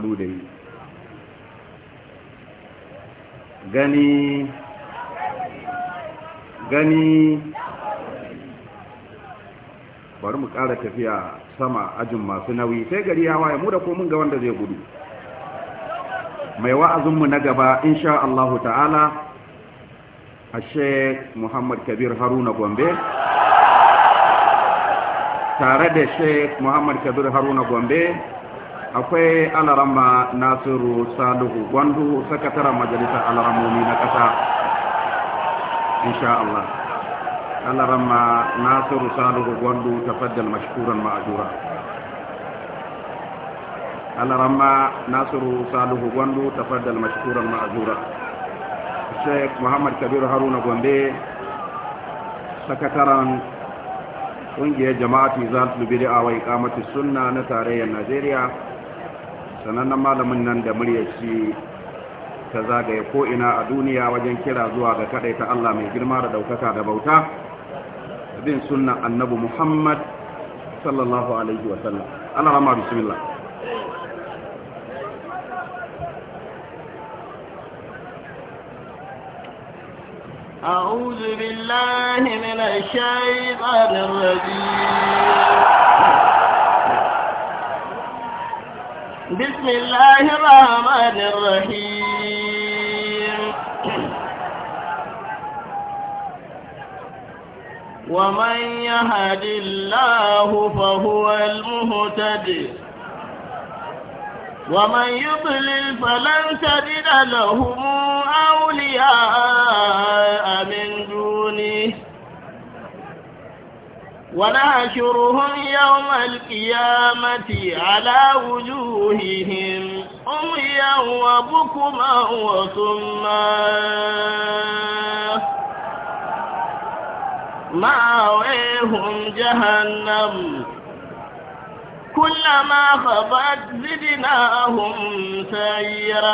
kallo da yi gani gani bari mu ƙara tafiya sama ajin masu nauyi sai gari ya waye mu da komin ga wanda zai gudu mai wa'azinmu na gaba insha Allah ta'ala a muhammad kabir haruna gombe tare da sheikh muhammad kabir haruna gombe akwai alarama nasiru salihu gwandu sakataren majalisa alaramomi na ƙasa insha Allah alarama nasiru salihu gwandu tafaddal mashkuran ma'ajura alarama nasiru salihu gwandu tafaddal mashkuran ma'ajura sheikh muhammad kabiru haruna gombe sakataren ƙungiyar jama'atu zalatul bid'a wa iqamatus sunna na tarayyar najeriya sanannen malamin nan da murya shi ta zagaye ko'ina a duniya wajen kira zuwa ga kaɗai ta Allah mai girma da ɗaukaka da bauta bin sunan annabi Muhammad sallallahu Alaihi wasallam. Allah rama bismillah. أعوذ بالله من الشيطان الرجيم بسم الله الرحمن الرحيم ومن يهد الله فهو المهتد ومن يضلل فلن تجد لهم أولياء من ونحشرهم يوم القيامة على وجوههم أميا وبكما وصما مأويهم جهنم كلما خبت زدناهم سيرا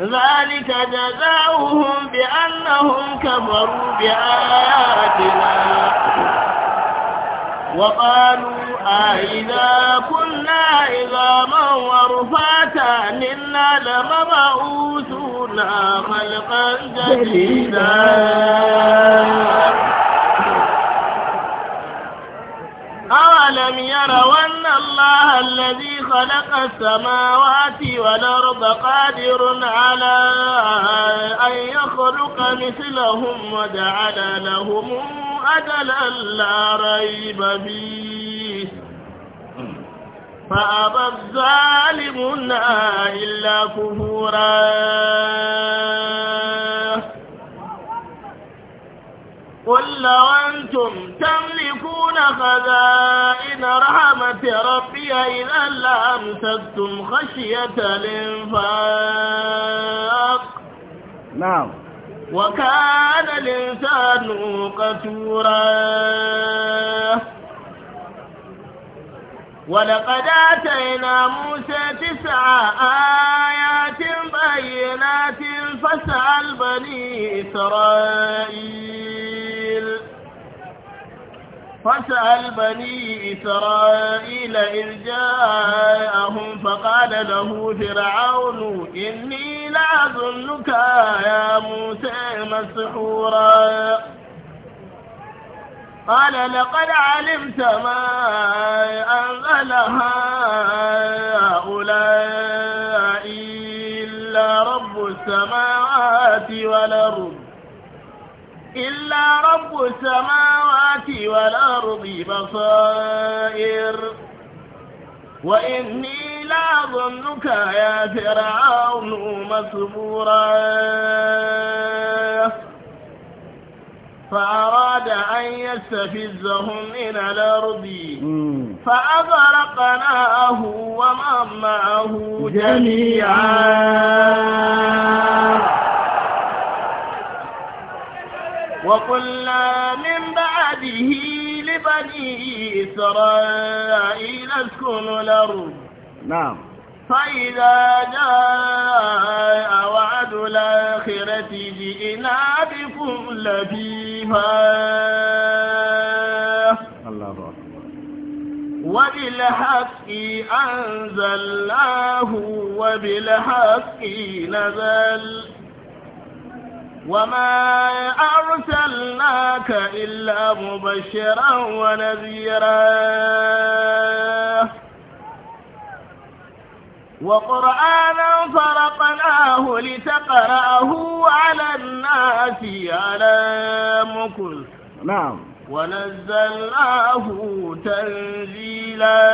ذلك جزاؤهم بأنهم كفروا بآياتنا وقالوا أئذا كنا عظاما ورفاتا إنا لمبعوثون خلقا جديدا أولم يروا أن الله الذي خلق السماوات والأرض قادر على أن يخلق مثلهم وجعل لهم أجلا لا ريب فيه فأبى الظالمون إلا كفورا قل لو أنتم تملكون خزائن رحمة ربي إذا لأمسكتم خشية الإنفاق نعم وكان الإنسان قتورا ولقد آتينا موسى تسع آيات بينات فاسأل بني إسرائيل إسرائيل فسأل بني إسرائيل إذ جاءهم فقال له فرعون إني لأظنك يا موسى مسحورا قال لقد علمت ما أنزل هؤلاء إلا رب السماوات والأرض إلا رب السماوات والأرض بصائر وإني لا ظنك يا فرعون مصبورا فأراد أن يستفزهم من الأرض فأغرقناه ومن معه جميعا وقلنا من بعده لبني إسرائيل اسكنوا الأرض نعم فإذا جاء وعد الآخرة جئنا بكم لبيها الله أكبر وبالحق أنزلناه وبالحق نزل وما أرسلناك إلا مبشرا ونذيرا وقرآنا فرقناه لتقرأه على الناس على مكل نعم ونزلناه تنزيلا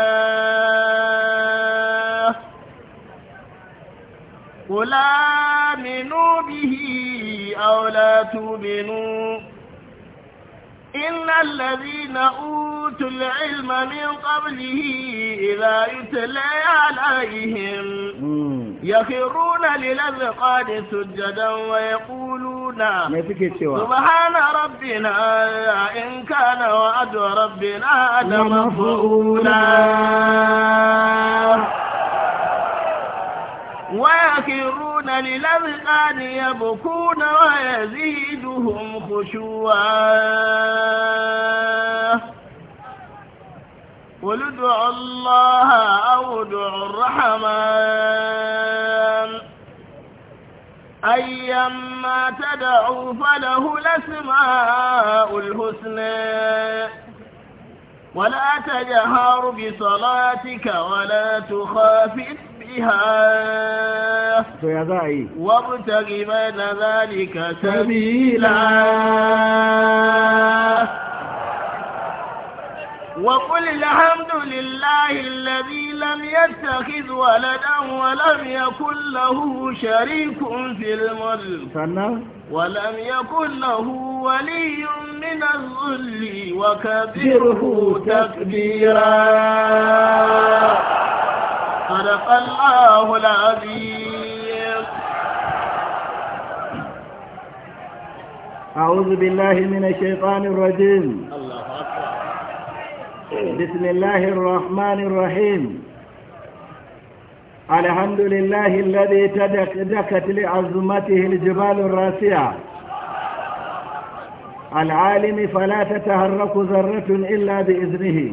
قل آمنوا به أو لا تؤمنوا إن الذين أوتوا العلم من قبله إذا يتلى عليهم يخرون للأذقان سجدا ويقولون سبحان ربنا إن كان وعد ربنا لمفعولا ويخرون للأذقان يبكون ويزيدهم خشوعا قل ادعوا الله أو ادعوا الرحمن أيما تدعوا فله الأسماء الحسنى ولا تجهر بصلاتك ولا تخافت وابتغ بين ذلك سبيلا وقل الحمد لله الذي لم يتخذ ولدا ولم يكن له شريك في الملك ولم يكن له ولي من الذل وكبره تكبيرا صدق الله العظيم أعوذ بالله من الشيطان الرجيم الله أكبر بسم الله الرحمن الرحيم الحمد لله الذي تدكت لعظمته الجبال الراسعة العالم فلا تتهرك ذرة إلا بإذنه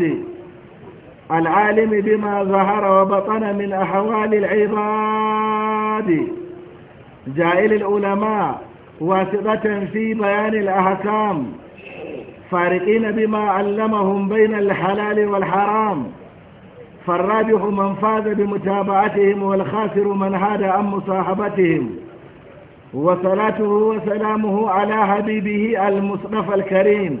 العباد العالم بما ظهر وبطن من أحوال العباد جائل العلماء واسطة في بيان الأحكام فارقين بما علمهم بين الحلال والحرام فالراجح من فاز بمتابعتهم والخاسر من هاد عن مصاحبتهم وصلاته وسلامه على حبيبه المصطفى الكريم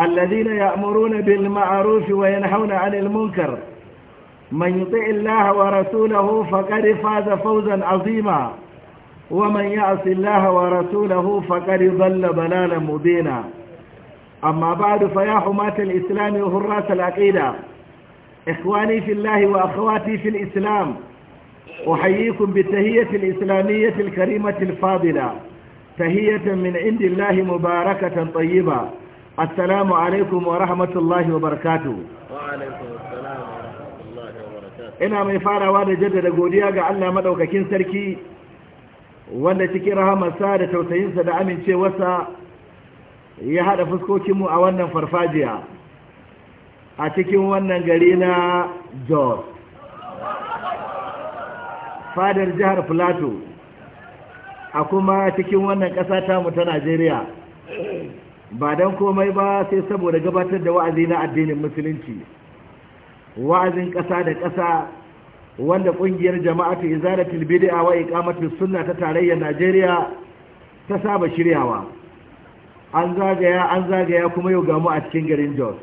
الذين يأمرون بالمعروف وينهون عن المنكر من يطع الله ورسوله فقد فاز فوزا عظيما ومن يعص الله ورسوله فقد ضل ضلالا مبينا أما بعد فيا حماة الإسلام وهراس العقيدة إخواني في الله وأخواتي في الإسلام أحييكم بالتهية الإسلامية الكريمة الفاضلة تهية من عند الله مباركة طيبة assalamu alaikum wa rahmatullahi wa barakatu ina mai farawa da jaddada godiya ga Allah maɗaukakin sarki wanda cikin rahamarsa da tausayinsa da amincewarsa ya haɗa fuskokinmu a wannan farfajiya a cikin wannan gari na jos fadar jihar plateau a kuma cikin wannan ƙasa ta najeriya ba dan komai ba sai saboda gabatar da wa'azi na addinin musulunci wa'azin ƙasa da ƙasa wanda ƙungiyar jama'atu izalatul bid'a wa iqamatus sunna ta tarayyar Najeriya ta saba shiryawa an zagaya an zagaya kuma yau gamu a cikin garin Jos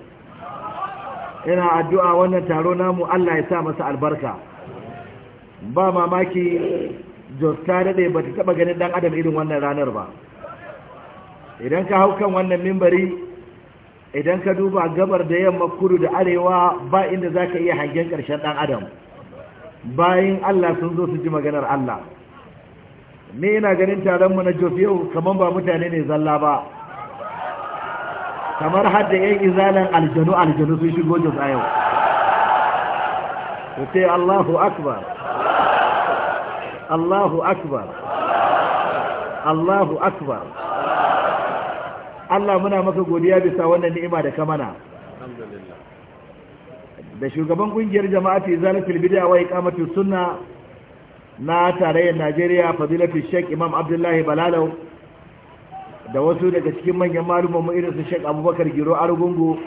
ina addu'a wannan taro namu Allah ya sa masa albarka ba mamaki Jos ta dade bata taɓa ganin ɗan adam irin wannan ranar ba idan ka hau kan wannan mimbari idan ka duba gabar da yamma kudu da arewa ba inda za ka iya hangen ƙarshen ɗan adam bayan Allah sun zo su ji maganar Allah ni ina ganin taronmu na jos yau kamar ba mutane ne zalla ba kamar hadda yan izalan aljanu aljanu sun shigo jos a yau ku ce Allahu akbar Allahu akbar Allahu akbar Allah muna maka godiya bisa wannan ni'ima da ka mana da shugaban kungiyar jama'ati zalatul bid'a wa iqamatu sunna na tarayyar Najeriya fadilatu Sheikh Imam Abdullahi Balalo da wasu daga cikin manyan malumman mu irin su Sheikh Abubakar Giro Arugungu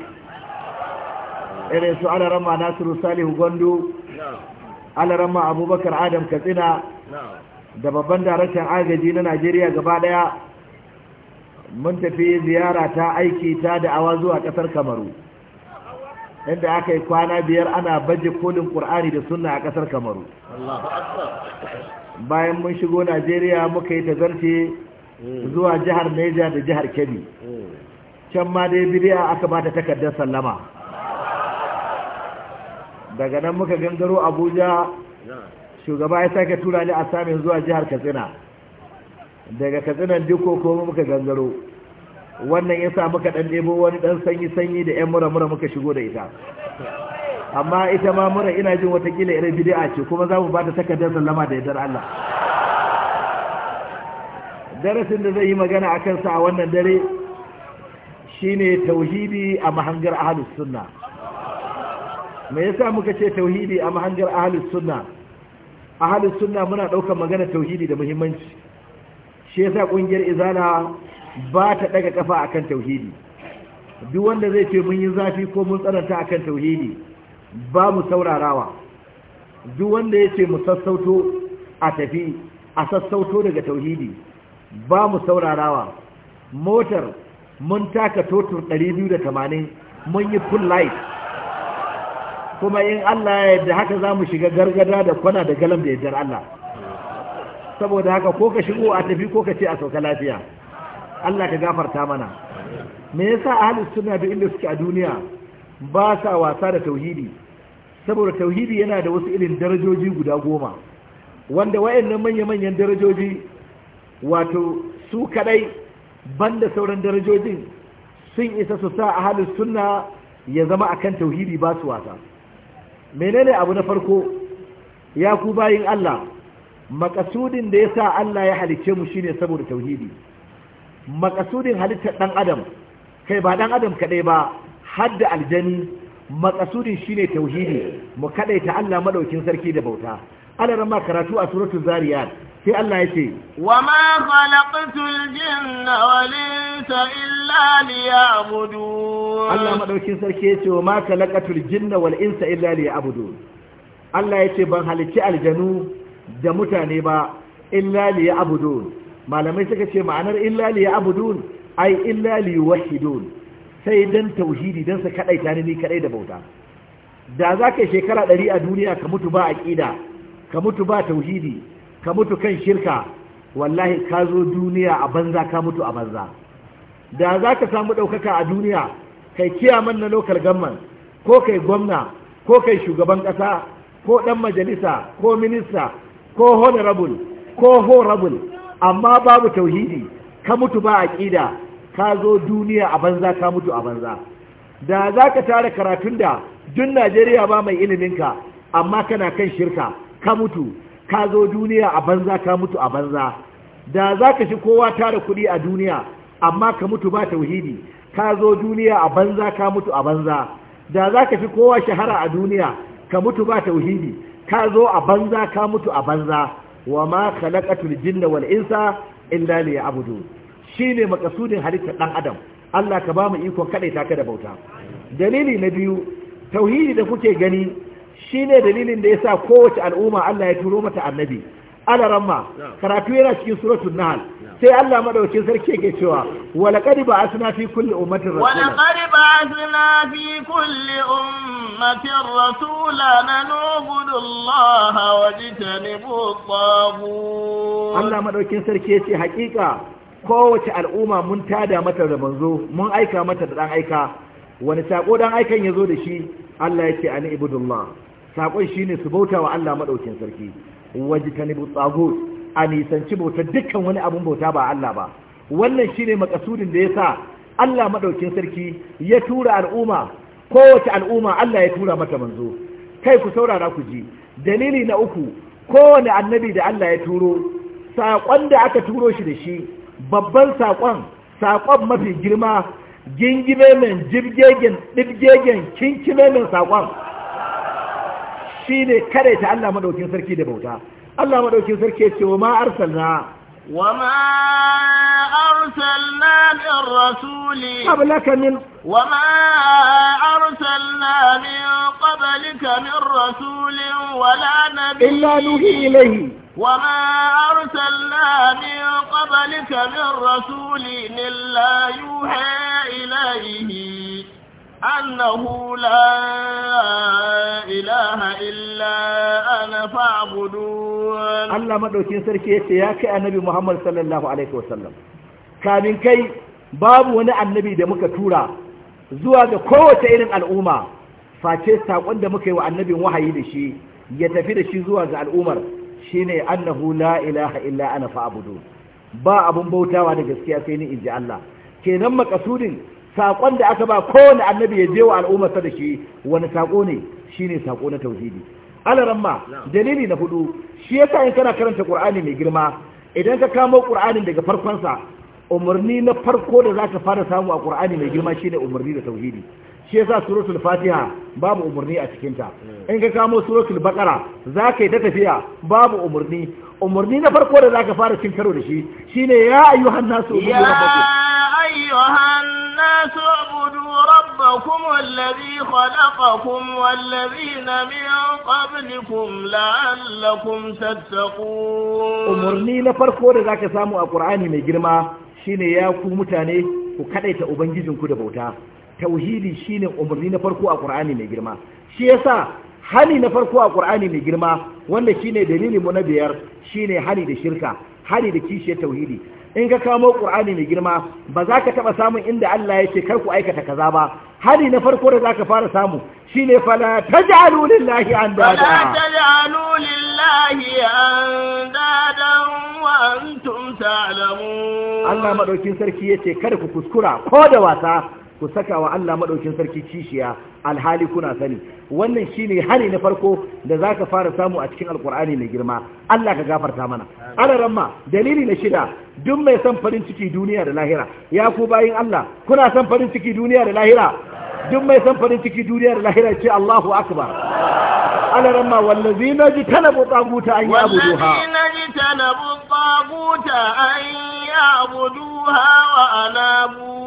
irin su Alarama Nasiru Salihu Gondo Alarama Abubakar Adam Katsina da babban daraktan agaji na Najeriya gaba daya mun tafi ziyara ta aiki ta awa zuwa kasar kamaru inda aka yi kwana biyar ana baje kolin ƙur'ani da sunna a ƙasar kamaru bayan mun shigo najeriya muka yi tazarce hmm. zuwa jihar neja da jihar kebbi hmm. can ma dai bidiya aka ba ta takardar sallama daga nan muka gangaro abuja shugaba ya sake tura ni a samin zuwa jihar katsina daga katsinan dukko ko muka gangaro wannan ya sa muka ɗan ɗebo wani ɗan sanyi-sanyi da 'yan mura-mura muka shigo da ita amma ita ma mura ina jin watakila irin bid'a ce kuma za mu ba ta takardar sallama da yardar Allah darasin da zai yi magana a kansa a wannan dare shine tauhidi a mahangar ahlus sunna me yasa muka ce tauhidi a mahangar ahlus sunna ahlus sunna muna ɗaukar magana tauhidi da muhimmanci shi yasa kungiyar izala ba ta daga kafa akan tauhidi duk wanda zai ce mun yi zafi ko mun tsananta akan tauhidi ba mu saurarawa duk wanda ya ce mu sassauto a tafi a sassauto daga tauhidi ba mu saurarawa motar mun taka totur 280 mun yi full light kuma in Allah ya yarda haka za mu shiga gargada da kwana da galam da yardar Allah saboda haka ko ka shigo a tafi ko ka ce a sauka lafiya Allah ka gafarta mana me yasa ahlus sunna da inda suke a duniya ba sa wasa da tauhidi saboda tauhidi yana da wasu irin darajoji guda goma wanda wayannan manya-manyan darajoji wato su kadai banda sauran darajojin sun isa su sa ahlus sunna ya zama akan tauhidi ba su wasa menene abu na farko ya ku bayin Allah makasudin da ya sa Allah ya halicce mu shine saboda tauhidi makasudin halittar ɗan adam kai ba ɗan adam kaɗai ba har da aljani makasudin shine tauhidi mu kaɗaita Allah maɗaukin sarki da bauta alaran ma karatu a suratul zariyat sai Allah ya ce wa ma khalaqtul jinna wal insa illa liya'budun Allah maɗaukin sarki ya ce wa ma khalaqtul jinna wal insa illa liya'budun Allah ya ce ban halicci aljanu da mutane ba illa li ya'budun malamai suka ce ma'anar illa li ya'budun ai illa li wahidun sai dan tauhidi dan sa ta ni kadai da bauta da za ka shekara ɗari a duniya ka mutu ba aƙida ka mutu ba tauhidi ka mutu kan shirka wallahi ka zo duniya a banza ka mutu a banza da za ka samu ɗaukaka a duniya kai kiyaman na lokal gamman ko kai gwamna ko kai shugaban ƙasa ko ɗan majalisa ko minista ko honorable ko horrible amma babu tauhidi ka mutu ba aqida ka zo duniya a banza ka mutu a banza da zaka tara karatun da duk Najeriya ba mai ilimin ka amma kana kan shirka ka mutu ka zo duniya a banza ka mutu a banza da zaka shi kowa tara kuɗi a duniya amma ka mutu ba tauhidi ka zo duniya a banza ka mutu a banza da zaka fi kowa shahara a duniya ka mutu ba tauhidi ka zo a banza ka mutu a banza wa ma khalaqatul jinna wal insa illa liya'budun shine makasudin halitta dan adam Allah ka ba mu iko kadaita ka da bauta dalili na biyu tauhidi da kuke gani shine dalilin da yasa kowace al'umma Allah ya turo mata annabi alaramma karatu yana cikin suratul nahl sai Allah madaukin sarki yake cewa walaqad ba'athna fi kulli ummatin rasula walaqad ba'athna fi kulli ummatin rasula nanubudu Allah wa jitanibu tabu Allah sarki yace hakika kowace al'umma mun tada mata da manzo mun aika mata da dan aika wani sako dan aikan yazo da shi Allah yace ani ibudullah sakon shine su bauta wa Allah madaukin sarki ta Nibu tsago a nisanci bautar dukkan wani abin bauta ba Allah ba wannan shi ne makasudin da ya sa Allah maɗaukin sarki ya tura al'umma kowace al'umma Allah ya tura mata manzo kai ku saurara ku ji dalili na uku kowane annabi da Allah ya turo saƙon da aka turo shi da shi babban saƙon saƙon mafi girma gingime min jirgegen ɗirgegen kinkime min saƙon shine kada ta Allah madaukin sarki da bauta Allah madaukin sarki ya ce wa ma arsalna wa ma arsalna min rasuli qablaka min wa ma arsalna min qablika min rasulin wala nabiy illa nuhi ilayhi وما أرسلنا من قبلك من رسول إلا يوحى إليه أنه لا إله إلا أنا فاعبدون الله مدوكين سركي ياك النبي محمد صلى الله عليه وسلم kamin kai babu wani annabi da muka tura zuwa ga kowace irin al'umma face saƙon da muka yi wa annabin wahayi da shi ya tafi da shi zuwa ga al'ummar shine annahu la ilaha illa ana fa'budu ba abun bautawa da gaskiya sai ni inji Allah kenan makasudin saƙon da aka ba kowane annabi ya je wa al'ummarsa da shi wani saƙo ne shi ne saƙo na tauhidi alaramma dalili na hudu shi yasa in kana karanta qur'ani mai girma idan ka kamo qur'anin daga farkonsa umarni na farko da zaka fara samu a qur'ani mai girma shine umarni da tauhidi shi yasa suratul fatiha babu umarni a cikinta hmm. in ka kamo suratul baqara zaka yi ta tafiya babu umarni umarni na farko da zaka fara cin karo da shi shine ya ayyuhan nasu ya ayyuhan تعبدوا ربكم الذي خلقكم والذين من قبلكم لعلكم تتقون umarni na farko da zaka samu a ƙur'ani mai girma shine ya ku mutane ku kadaita ubangijinku da bauta tauhidi shine umarni na farko a Qur'ani mai girma shi yasa hani na farko a ƙur'ani mai girma wanda shine dalilin mu na biyar shine hani da shirka hani da kishiyar tauhidi in ka kamo ƙur'ani mai girma ba za ka taɓa samun inda Allah ya ce karku aikata kaza ba hali na farko da za ka fara samu shi ne fala ta ji alulin lahi an dada ta wa alamu Allah maɗaukin sarki ya ce karku kuskura ko da wasa ku saka wa Allah madaukin sarki kishiya alhali kuna sani wannan shi ne hali na farko da za ka fara samu a cikin alkur'ani mai girma Allah ka gafarta mana alaran ma dalili na shida duk mai son farin ciki duniya da lahira ya ku bayin Allah kuna son farin ciki duniya da lahira duk mai son farin ciki duniya da lahira ce Allahu akbar alaran ma wallazina jitanabu taguta an ya'buduha wallazina jitanabu taguta an ya'buduha wa anabu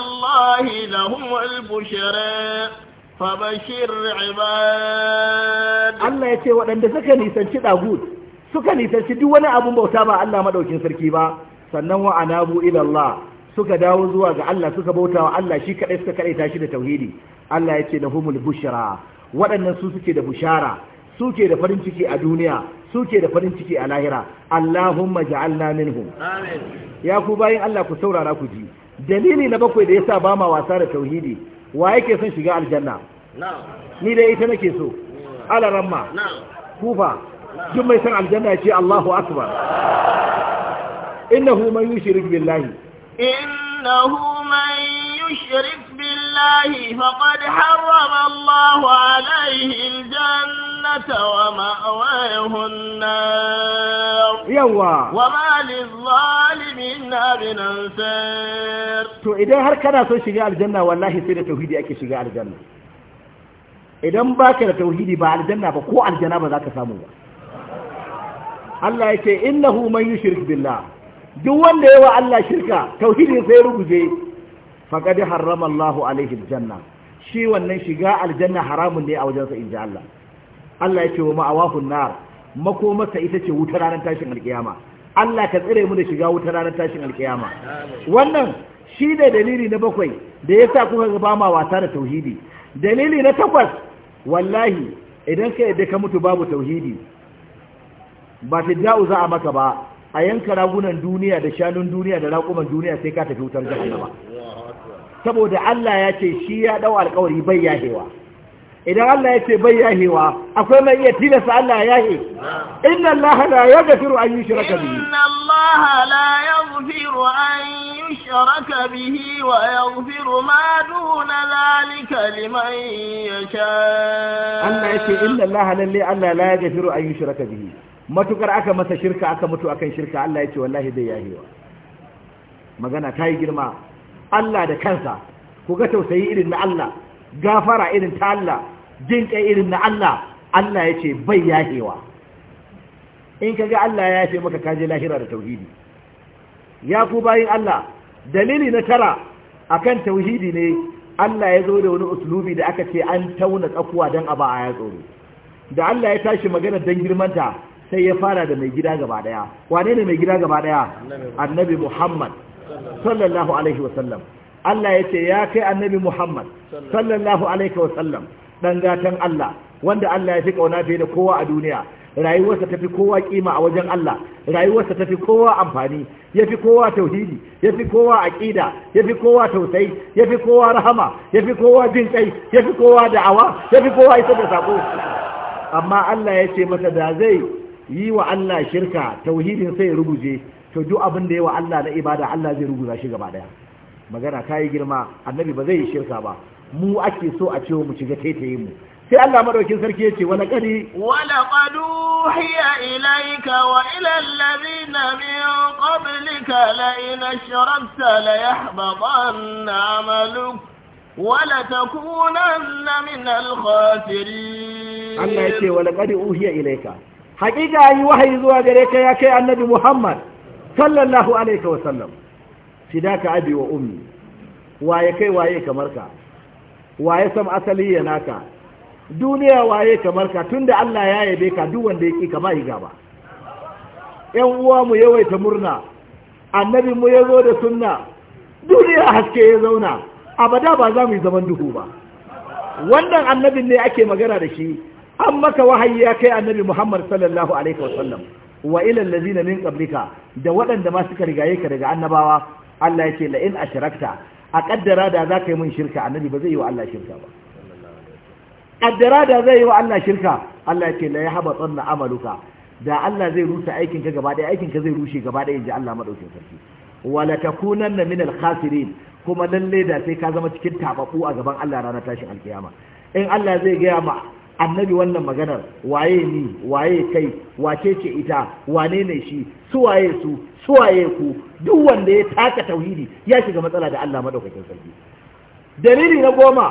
الله لهم البشرى فبشر عباد الله يتي وأن سكا نيسانشي داغود سكا نيسانشي دي وانا أبو بوتا با الله ما دوكين سركي با sannan wa anabu ila Allah suka dawo zuwa ga Allah suka bauta wa Allah shi kadai suka kadai tashi da tauhidi Allah yace lahumul bushra waɗannan su suke da bushara suke da farin ciki a duniya suke da farin ciki a lahira Allahumma ja'alna minhum amin ya ku bayin Allah ku saurara ku ji dalili na bakwai da yasa ba ma wasa da tauhidi wa yake son shiga aljanna ni dai ita nake so ala ramma kufa duk mai son aljanna ya ce Allahu akbar innahu man yushrik billahi innahu man yushrik الله فقد حرم الله عليه الجنة ومأواه النار يوا وما للظالمين من أنصار تو إذا هر كان سو شجاع الجنة والله سيدة توحيدي أكي شجاع الجنة da tauhidi ba aljanna ba ko aljanna ba za ka samu ba Allah yake innahu man yushrik billah duk wanda yawa Allah shirka tauhidin sai ruguje faqad harrama Allahu alaihi janna. shi wannan shiga aljanna haramun ne a wajen sa, inji Allah Allah ya ce wa ma'awahu nar makomarsa ita ce wutar ranar tashin alkiyama Allah ka tsire mu da shiga wutar ranar tashin alkiyama wannan shi ne dalili na bakwai da yasa kuka ga ba ma wasa da tauhidi dalili na takwas wallahi idan ka yadda ka mutu babu tauhidi ba ta da'u za a maka ba a yanka ragunan duniya da shanun duniya da raƙuman duniya sai ka tafi wutar jahannama saboda Allah ya ce shi ya dau alƙawari bai yahewa idan Allah ya ce bai yahewa akwai mai iya tilasta Allah ya yahe inna Allah la yaghfiru an yushraka bihi inna Allah la yaghfiru an yushraka bihi wa yaghfiru ma duna zalika liman yasha Allah ya ce inna Allah lalle Allah la yaghfiru an yushraka bihi matukar aka masa shirka aka mutu akan shirka Allah ya ce wallahi bai yahewa magana ta yi girma Allah da kansa ku ga tausayi irin na Allah gafara irin ta Allah jin kai irin na Allah Allah ya ce bai yahewa in ka ga Allah ya yafe maka kaje lahira da tauhidi ya ku bayin Allah dalili na tara akan tauhidi ne Allah ya zo da wani uslubi da aka ce an tauna tsakuwa dan aba a ya tsoro da Allah ya tashi magana dan girmanta sai ya fara da mai gida gaba daya wane ne mai gida gaba daya annabi muhammad sallallahu alaihi wasallam Allah ya ce ya kai annabi Muhammad sallallahu alaihi wasallam dan gatan Allah wanda Allah ya fi kauna fiye da kowa a duniya rayuwarsa tafi kowa kima a wajen Allah rayuwarsa tafi kowa amfani yafi kowa tauhidi yafi kowa aqida yafi kowa tausayi yafi kowa rahama yafi kowa jin kai yafi kowa da'awa yafi kowa isa da sako amma Allah ya ce masa da zai yi wa Allah shirka tauhidin sai ya ruguje to duk abin da yawa Allah na ibada Allah zai rubuta shi gaba daya magana ta yi girma annabi ba zai yi shirka ba mu ake so a cewa mu shiga taitaye mu sai Allah madaukin sarki ya ce wala qadi wala qad uhiya ilayka wa ila alladhina min qablika la in ashrakta la amaluk wala takunanna min al Allah ya ce wala qad uhiya ilaika. haƙiƙa yi wahayi zuwa gare ka ya kai annabi Muhammad sallallahu alaihi wa sallam fidaka abi wa ummi waye kai waye kamar ka waye sam asali ya naka duniya waye kamar ka tunda Allah ya yabe ka duk wanda yake kama yi gaba ƴan uwa mu yawaita murna annabi mu yazo da sunna duniya haske ya zauna abada ba za mu yi zaman duhu ba wannan annabin ne ake magana da shi an maka wahayi ya kai annabi Muhammad sallallahu alaihi wa sallam wa ila allazina min qablika da waɗanda ma suka rigaye ka daga annabawa Allah ya ce la'in a ashrakta a kaddara da za ka yi min shirka annabi ba zai yi wa Allah shirka ba kaddara da zai yi wa Allah shirka Allah ya ce la yahba tsanna amaluka da Allah zai rusa aikin ka gaba ɗaya aikin ka zai rushe gaba ɗaya inji Allah madaukin sarki wala takunanna min al-khasirin kuma lalle da sai ka zama cikin tababu a gaban Allah ranar tashin alkiyama in Allah zai gaya ma annabi wannan maganar waye ni waye kai wace ce ita wane ne shi su su su ku duk wanda ya taka tauhidi ya shiga matsala da Allah madaukakin sarki dalili na goma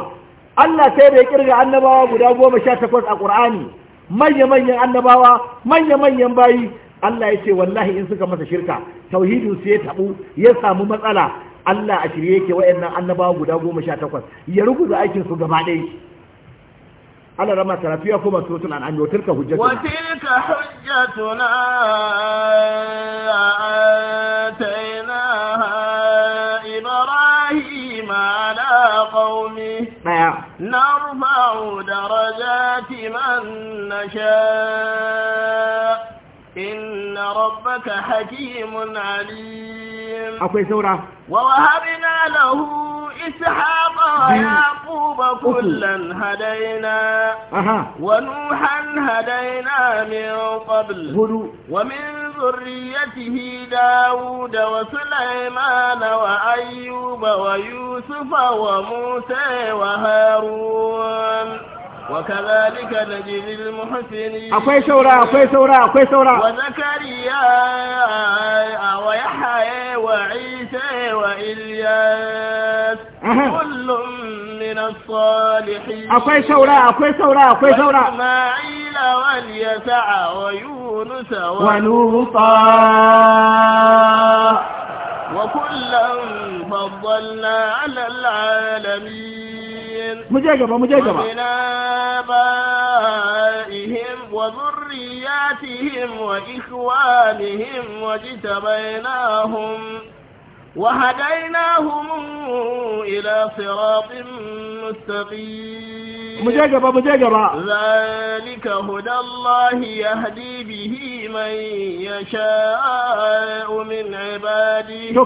Allah sai da ya kirga annabawa guda goma sha takwas a Qur'ani manya-manyan annabawa manya-manyan bayi Allah ya ce wallahi in suka masa shirka tauhidin su ya tabu ya samu matsala Allah a shirye yake wa'annan annabawa guda goma sha takwas ya ruguza aikin su gaba ɗaya على رما ترافيكم سورة أن وتلك حجتنا وتلك حجتنا آتيناها إبراهيم على قومه نعم. نرفع درجات من نشاء إن ربك حكيم عليم أكوي سورة ووهبنا له إسحاق ويعقوب وأيوب كلا هدينا ونوحا هدينا من قبل ومن ذريته داود وسليمان وأيوب ويوسف وموسى وهارون وكذلك نجد المحسنين أكوي سورة أكوي سورة أكوي سورة وزكريا ويحيى وعيسى وإلياس كل akwai saura akwai saura akwai saura wa nuta wa muje gaba وذرياتهم وإخوانهم واجتبيناهم وهديناهم إلى صراط مستقيم مجاقبة مجاقبة ذلك هدى الله يهدي به من يشاء من عباده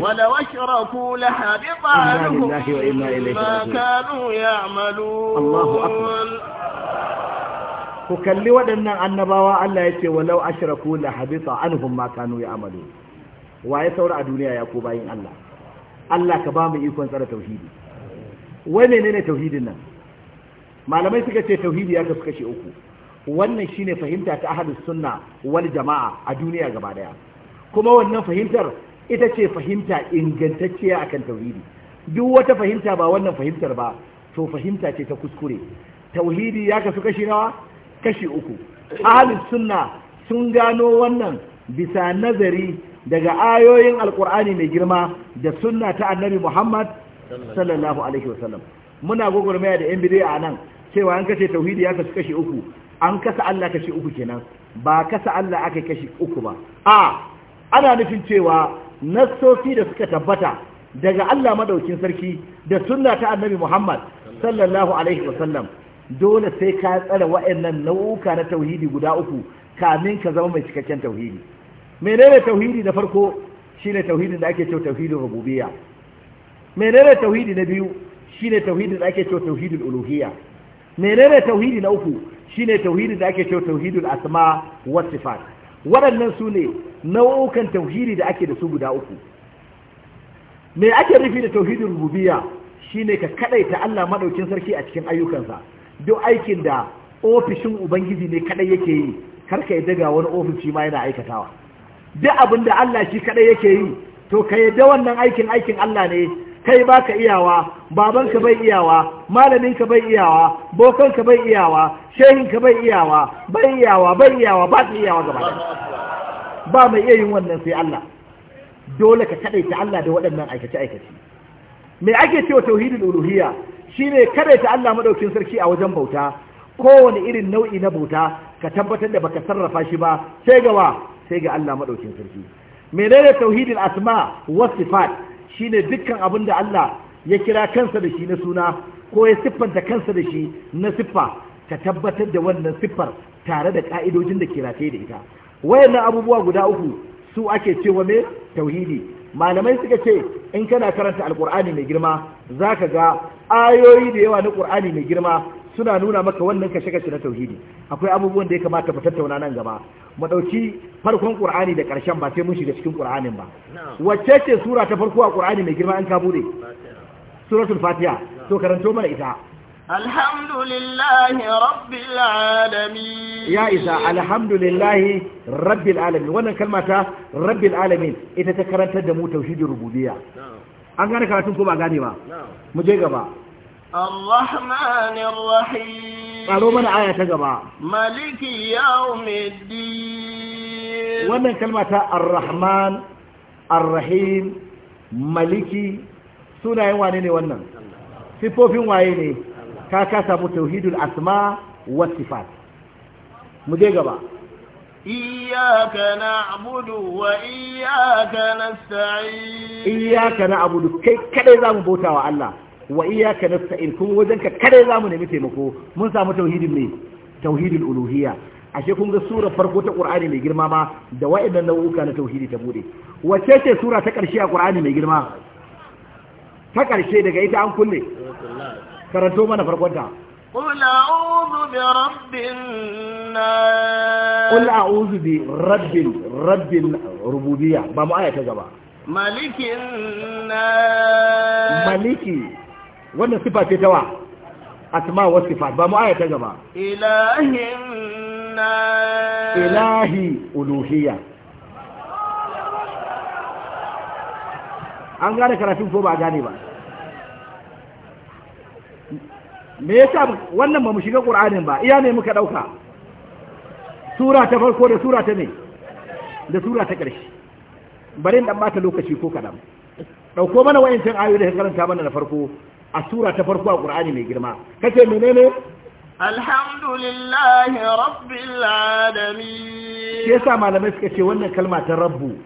ولو أشركوا لحبط عنهم ما كانوا يعملون الله أكبر ku ودنا أن annabawa الله ya ولو أشركوا لحبط عنهم ما كانوا يعملون waye saura a duniya ya ko bayin Allah Allah ka ba mu ikon tsara tauhidi wai menene tauhidin nan malamai suka ce tauhidi ya kasu kashe uku wannan shine fahimta ta ahlus sunna wal jama'a a duniya gaba daya kuma wannan fahimtar ita ce fahimta ingantacciya akan tauhidi duk wata fahimta ba wannan fahimtar ba to fahimta ce ta kuskure tauhidi ya kasu kashi nawa kashi uku ahlus sunna sun gano wannan bisa nazari daga ayoyin alkur'ani mai girma da sunna ta annabi muhammad sallallahu alaihi wasallam muna maya da yan bidiya a nan cewa an kace tauhidi ya kasu kashi uku an kasa allah kashi uku kenan ba kasa allah aka kashi uku ba a ana nufin cewa nassosi da suka tabbata daga allah madaukin sarki da sunna ta annabi muhammad sallallahu alaihi wasallam dole sai ka tsara wa'annan nau'uka na tauhidi guda uku kamin ka zama mai cikakken tauhidi menene tauhidi na farko shine tauhidin da ake cewa tauhidin rububiyya menene tauhidi na biyu shine tauhidin da ake cewa tauhidul uluhiyya menene tauhidi na uku shine tauhidin da ake cewa tauhidul asma wa sifat waɗannan su ne nau'ukan tauhidi da ake da su guda uku me ake rufi da tauhidin rububiyya shine ka kadaita Allah madaukin sarki a cikin ayyukansa duk aikin da ofishin ubangiji ne kadai yake yi karka yi daga wani ofishi ma yana aikatawa duk abin da Allah shi kaɗai yake yi to ka yadda wannan aikin aikin Allah ne kai ba ka iyawa babanka bai iyawa malaminka bai iyawa bokanka bai iyawa shehinka bai iyawa bai iyawa bai iyawa ba su iyawa gaba ba mai iya yin wannan sai Allah dole ka kaɗaita Allah da waɗannan aikace-aikace me ake cewa tauhidul uluhiyya shine kaɗaita Allah madaukin sarki a wajen bauta kowane irin nau'i na bauta ka tabbatar da baka sarrafa shi ba sai gawa sai ga Allah madaukin sarki menene tauhidin asma wa sifat shine dukkan abin da Allah ya kira kansa da shi na suna ko ya siffanta kansa da shi na siffa ka tabbatar da wannan siffar tare da ka'idojin da ke da ita wayannan abubuwa guda uku su ake cewa me tauhidi malamai suka ce in kana karanta Alƙur'ani mai girma zaka ga ayoyi da yawa na qur'ani mai girma suna nuna maka wannan kashe-kashe na tauhidi akwai abubuwan da ya kamata mu tattauna nan gaba mu farkon qur'ani da karshen ba sai mun shiga cikin qur'anin ba wacce ce sura ta farko a qur'ani mai girma an ka bude suratul fatiha to karanto mana ita alhamdulillahi rabbil alamin ya isa alhamdulillahi rabbil alamin wannan kalma ta rabbil alamin ita ta karantar da mu tauhidin rububiyya an gane karatun ko ba gane ba mu je gaba الرحمن الرحيم Tsaro mana aya ta gaba maliki yawmiddin wannan kalma ta ar-rahman ar-rahim maliki sunayen wane ne wannan sifofin waye ne ka ka samu tauhidul asma wa sifat mu je gaba iyyaka na'budu wa iyyaka nasta'in iyyaka na'budu kai kadai zamu bautawa Allah wa iyyaka nasta'in kuma wajenka kare zamu nemi taimako mun samu tauhidin ne tauhidul uluhiyya ashe kun ga sura farko ta Qur'ani mai girma ba da wa'annan nau'uka na tauhidi ta bude wace ce sura ta karshe a Qur'ani mai girma ta karshe daga ita an kulle karanto mana farkon ta قل أعوذ برب الناس قل أعوذ برب رب الربوبية بما آية تجبا ملك الناس ملكي wannan sifa ce tawa asma wa sifat ba mu aya ta gaba ilahinna ilahi uluhiyya an gane karatun ko ba gane ba me yasa wannan ba mu shiga qur'anin ba iya ne muka dauka sura ta farko da sura ta ne da sura ta ƙarshe bari in dan bata lokaci ko kadan dauko mana wayancin ayoyi da karanta mana na farko a sura ta farko a ƙura'ani mai girma kace menene alhamdulillahi rabbil adami ke yasa malamai suka ce wannan kalma ta rabbu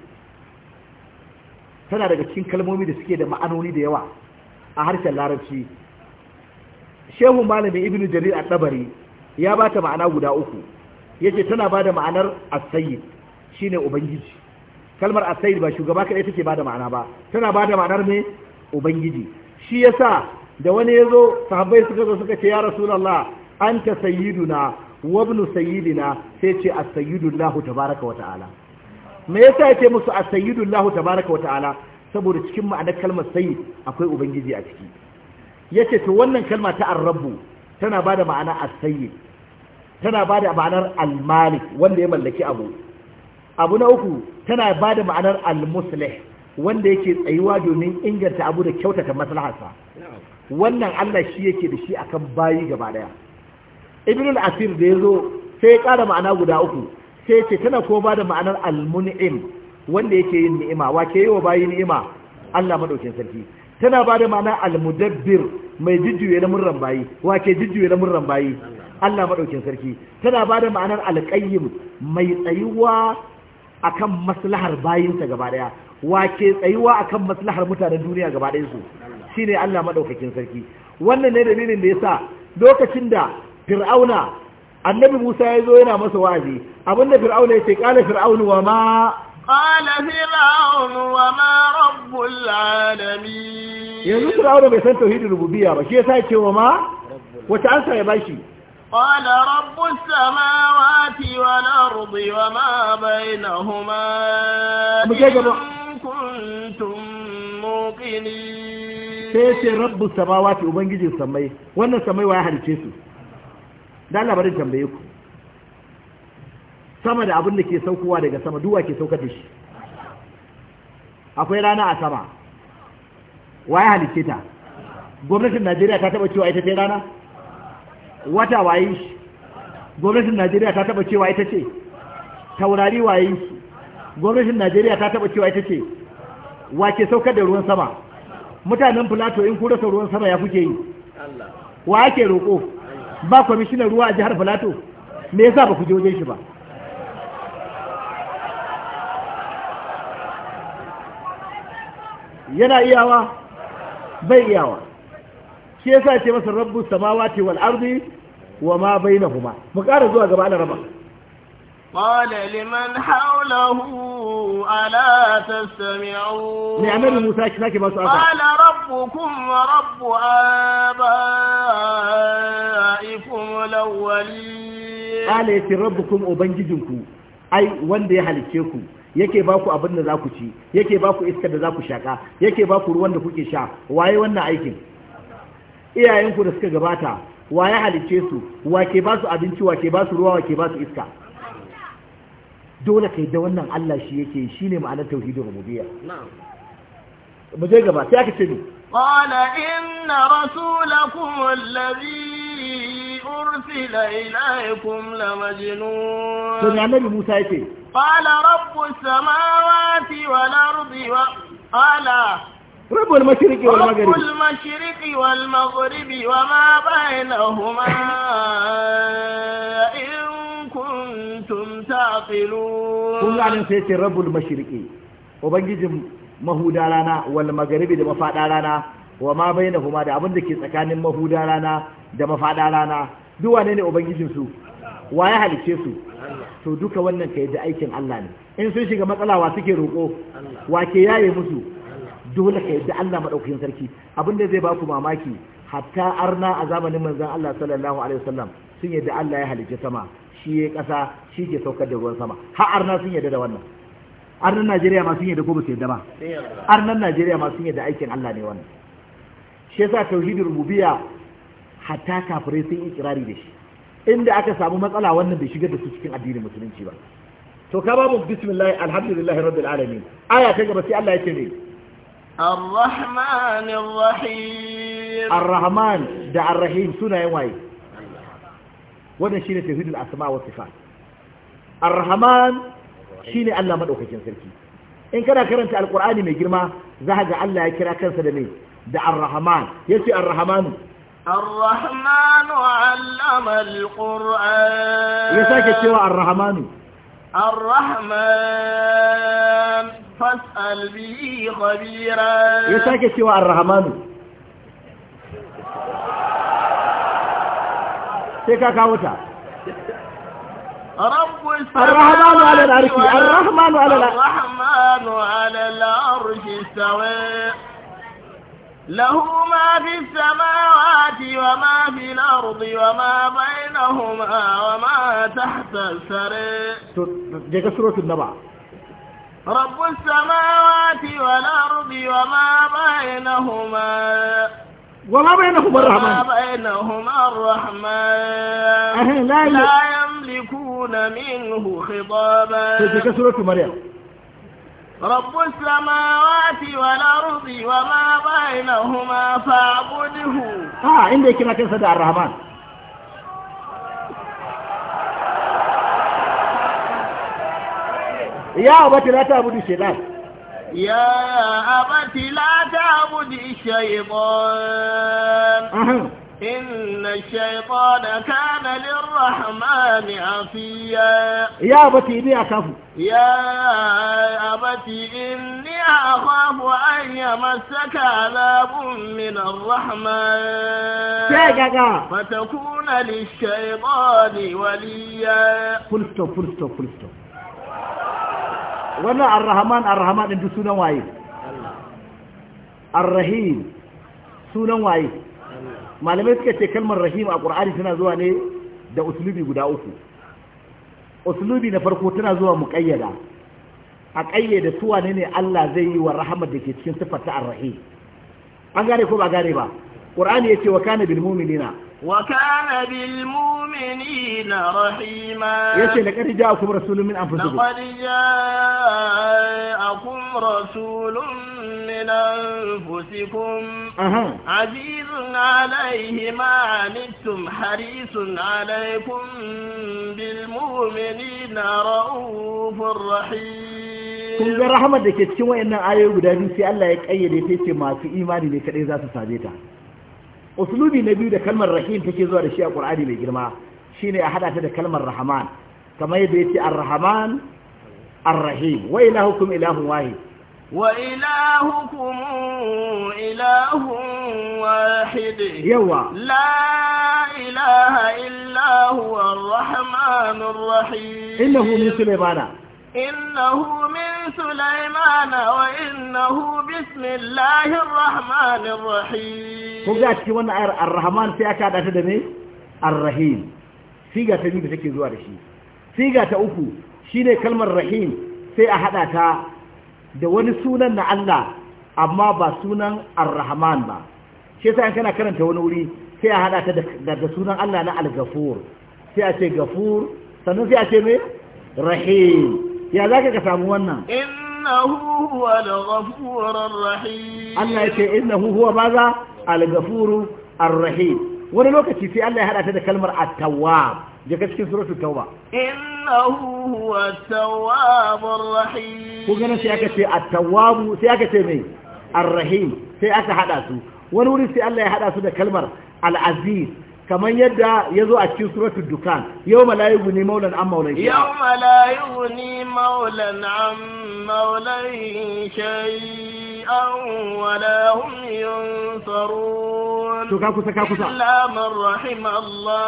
tana daga cikin kalmomi da suke da ma'anoni da yawa a harshen larabci shehu malamin ibnu jarir a Dabari ya ba ta ma'ana guda uku Ya ce tana ba da ma'anar asayid sayyid shine ubangiji kalmar asayid ba shugaba kaɗai take ba da ma'ana ba tana ba da ma'anar ne ubangiji shi ya sa. da wani ya zo sahabbai suka zo suka ce ya rasulallah an ta sayyiduna wabnu sayyidina sai ce a sayyidullahu tabaraka wa ta'ala me yasa yake musu a sayyidullahu tabaraka wa ta'ala saboda cikin ma'anar kalmar sayyid akwai ubangiji a ciki yace to wannan kalma ta arrabu tana bada ma'ana as-sayyid tana bada ma'anar al wanda ya mallaki abu abu na uku tana bada ma'anar al-muslih wanda yake tsayuwa domin inganta abu da kyautata maslaharsa wannan Allah shi yake da shi akan bayi gaba daya ibn al-asir da yazo sai ya kara ma'ana guda uku sai ce tana ko ba da ma'anar al-mun'im wanda yake yin ni'ima wa ke yi wa bayi ni'ima Allah madaukin sarki tana ba da ma'ana al-mudabbir mai na murran bayi wa ke na murran bayi Allah madaukin sarki tana ba da ma'anar al-qayyim mai tsayuwa akan maslahar bayinsa gaba daya wa ke tsayuwa akan maslahar mutanen duniya gaba shine Allah madaukakin sarki wannan ne dalilin da ya sa lokacin da fir'auna annabi Musa ya zo yana masa wa'azi abinda fir'auna yace qala fir'aunu wa ma Ƙala fir'aunu wa ma rabbul alamin yanzu fir'auna bai san tauhidin Rububiya ba shi ya yace wa ma wata ansa ya bashi قال رب السماوات والأرض وما بينهما إن كنتم موقنين sai ce samawa ta ubangijin samai wannan samai wa ya halice su da labarin tambaye ku sama da abin da ke saukowa daga sama duwa ke saukar da shi akwai rana a sama wa ya halice ta gwamnatin najeriya ta taba cewa ita ce rana wata waye shi gwamnatin najeriya ta taba cewa ita ce taurari waye shi gwamnatin najeriya ta taba cewa ita ce wa ke saukar da ruwan sama mutanen filato in ku rasa ruwan sama ya kuke yi wa ake roƙo ba kwamishinan ruwa a jihar filato me yasa ba ku je wajen shi ba yana iyawa bai iyawa shi yasa ce masa rabbu samawati wal ardi wa ma bainahuma mu ƙara zuwa gaba na rabba قال لمن حوله ألا تستمعون نعمل موسى كناك باسو أفا قال ربكم ورب آبائكم الأولين قال يتي ربكم أبنجدكم أي وندي هالكيكم yake ba ku abin da za ku ci yake ba ku iskar da za ku shaka yake ba ku ruwan da kuke sha waye wannan aikin iyayenku da suka gabata waye halicce su wake ba su abinci wake ba su ruwa wake ba su iska dole kai da wannan Allah shi yake shine ma'anar tauhidin rububiyya na'am mu je gaba sai aka ce ni qala inna rasulakum alladhi ursila ilaykum lamajnun to ne annabi Musa yake qala rabbus samawati wal ardi wa qala رب المشرق والمغرب رب المشرق والمغرب وما بينهما إن تعقلون كل عن سيتي رب المشرقي وبنجي mahuda rana wal magaribi da mafada rana wa ma bainahuma da abin da ke tsakanin mahuda rana da mafada rana duk wane ne ubangijin su wa ya halice su to duka wannan kai da aikin Allah ne in sun shiga matsala wa suke roko wa ke yaye musu dole kai da Allah madaukakin sarki abin da zai ba ku mamaki hatta arna a zamanin manzon Allah sallallahu alaihi wasallam sun yadda Allah ya halice sama shi ya ƙasa shi ke saukar da ruwan sama har arna sun yadda da wannan arnan najeriya ma sun yadda ko ba su yadda ba arnan najeriya ma sun yadda aikin allah ne wannan shi yasa tauhidin rububiyya hatta kafirai sun yi kirari da shi inda aka samu matsala wannan bai shigar da su cikin addinin musulunci ba to ka babu bismillah alhamdulillahi rabbil alamin aya ta gaba sai Allah ya ne ar-rahmanir rahim ar-rahman da ar-rahim sunayen waye wannan shine tauhidul asma wa sifat ar shine Allah madaukakin sarki in kana karanta alqur'ani mai girma za ga Allah ya kira kansa da me da ar-rahman yace ar-rahmanu الرحمن علم القرآن يساك سوى الرحمن الرحمن فاسأل به خبيرا يساك سوى الرحمن sai ka kawo الرحمن على العرش الرحمن على العرش الرحمن على العرش استوى له ما في السماوات وما في الأرض وما بينهما وما تحت الثرى ديك سورة النبع رب السماوات والأرض وما بينهما وما بينهما الرحمن وما بينهما الرحمن لا, لا يملكون منه خطابا تلك سورة مريم رب السماوات والأرض وما بينهما فاعبده آه عندي كما سدع الرحمن يا أبتي لا تعبد الشيطان يا أبت لا تعبد الشيطان إن الشيطان كان للرحمن عفيا يا أبتي إني أخاف يا أبتي إني أخاف أن يمسك عذاب من الرحمن فتكون للشيطان وليا فلسطة فلسطة فلسطة wannan ar-rahman ɗin sunan waye arrahim sunan waye malamai suka ce kalmar rahim a ƙur'ani tana zuwa ne da uslubi guda uku uslubi na farko tana zuwa muqayyada a kayyade su wane ne Allah zai yi wa rahama da ke cikin sifar ta ar an gane ko ba gane ba qur'ani yace wa kana bil mu'minina وكان بالمؤمنين رحيما يشي لقد جاءكم رسول من أنفسكم لقد جاءكم رسول من أنفسكم أه. عزيز عليه ما عنتم حريص عليكم بالمؤمنين رؤوف رحيم kun ga rahamar da ke cikin wayannan ayoyi guda biyu sai Allah ya kayyade ta ce masu imani ne kadai za su same ta usulubi na biyu da kalmar rahim take zuwa da shi a qur'ani mai girma shine a hada ta da kalmar rahman kamar yadda yace ar-rahman ar-rahim wa ilahukum ilahun wahid wa ilahukum ilahun wahid yawa la ilaha illa huwa ar-rahmanur rahim innahu min sulaymana إنه من سليمان وإنه بسم الله الرحمن الرحيم كم جاءت كمان الرحمن في أكاد أتدمي الرحيم سيغة تجيب سكي زوار الشيء سيغة تأكو شيني كلمة الرحيم سي أحداتا دواني سونا نعلا أما با سونا الرحمن با شيء سيئن كان كرن تونولي سي أحداتا دا سونا الله نعل غفور سي أشي غفور سنو سي أشي مي رحيم ya za ka samu wannan innahu huwa al-ghafurur rahim Allah ya ce inna huwa maza al-ghafurur rahim wani lokaci sai Allah ya hada ta da kalmar at-tawwab daga cikin suratul tauba innahu huwa at-tawwabur rahim ko ganin sai aka ce at-tawwab sai aka ce me ar sai aka hada su wani wuri sai Allah ya hada su da kalmar al-aziz kamar yadda ya zo a cikin suratu dukan yau malayi guni maulan an maulan shi yau malayi guni maulan an maulan shi an wala hum tsaron. to ka kusa ka kusa illa man rahim Allah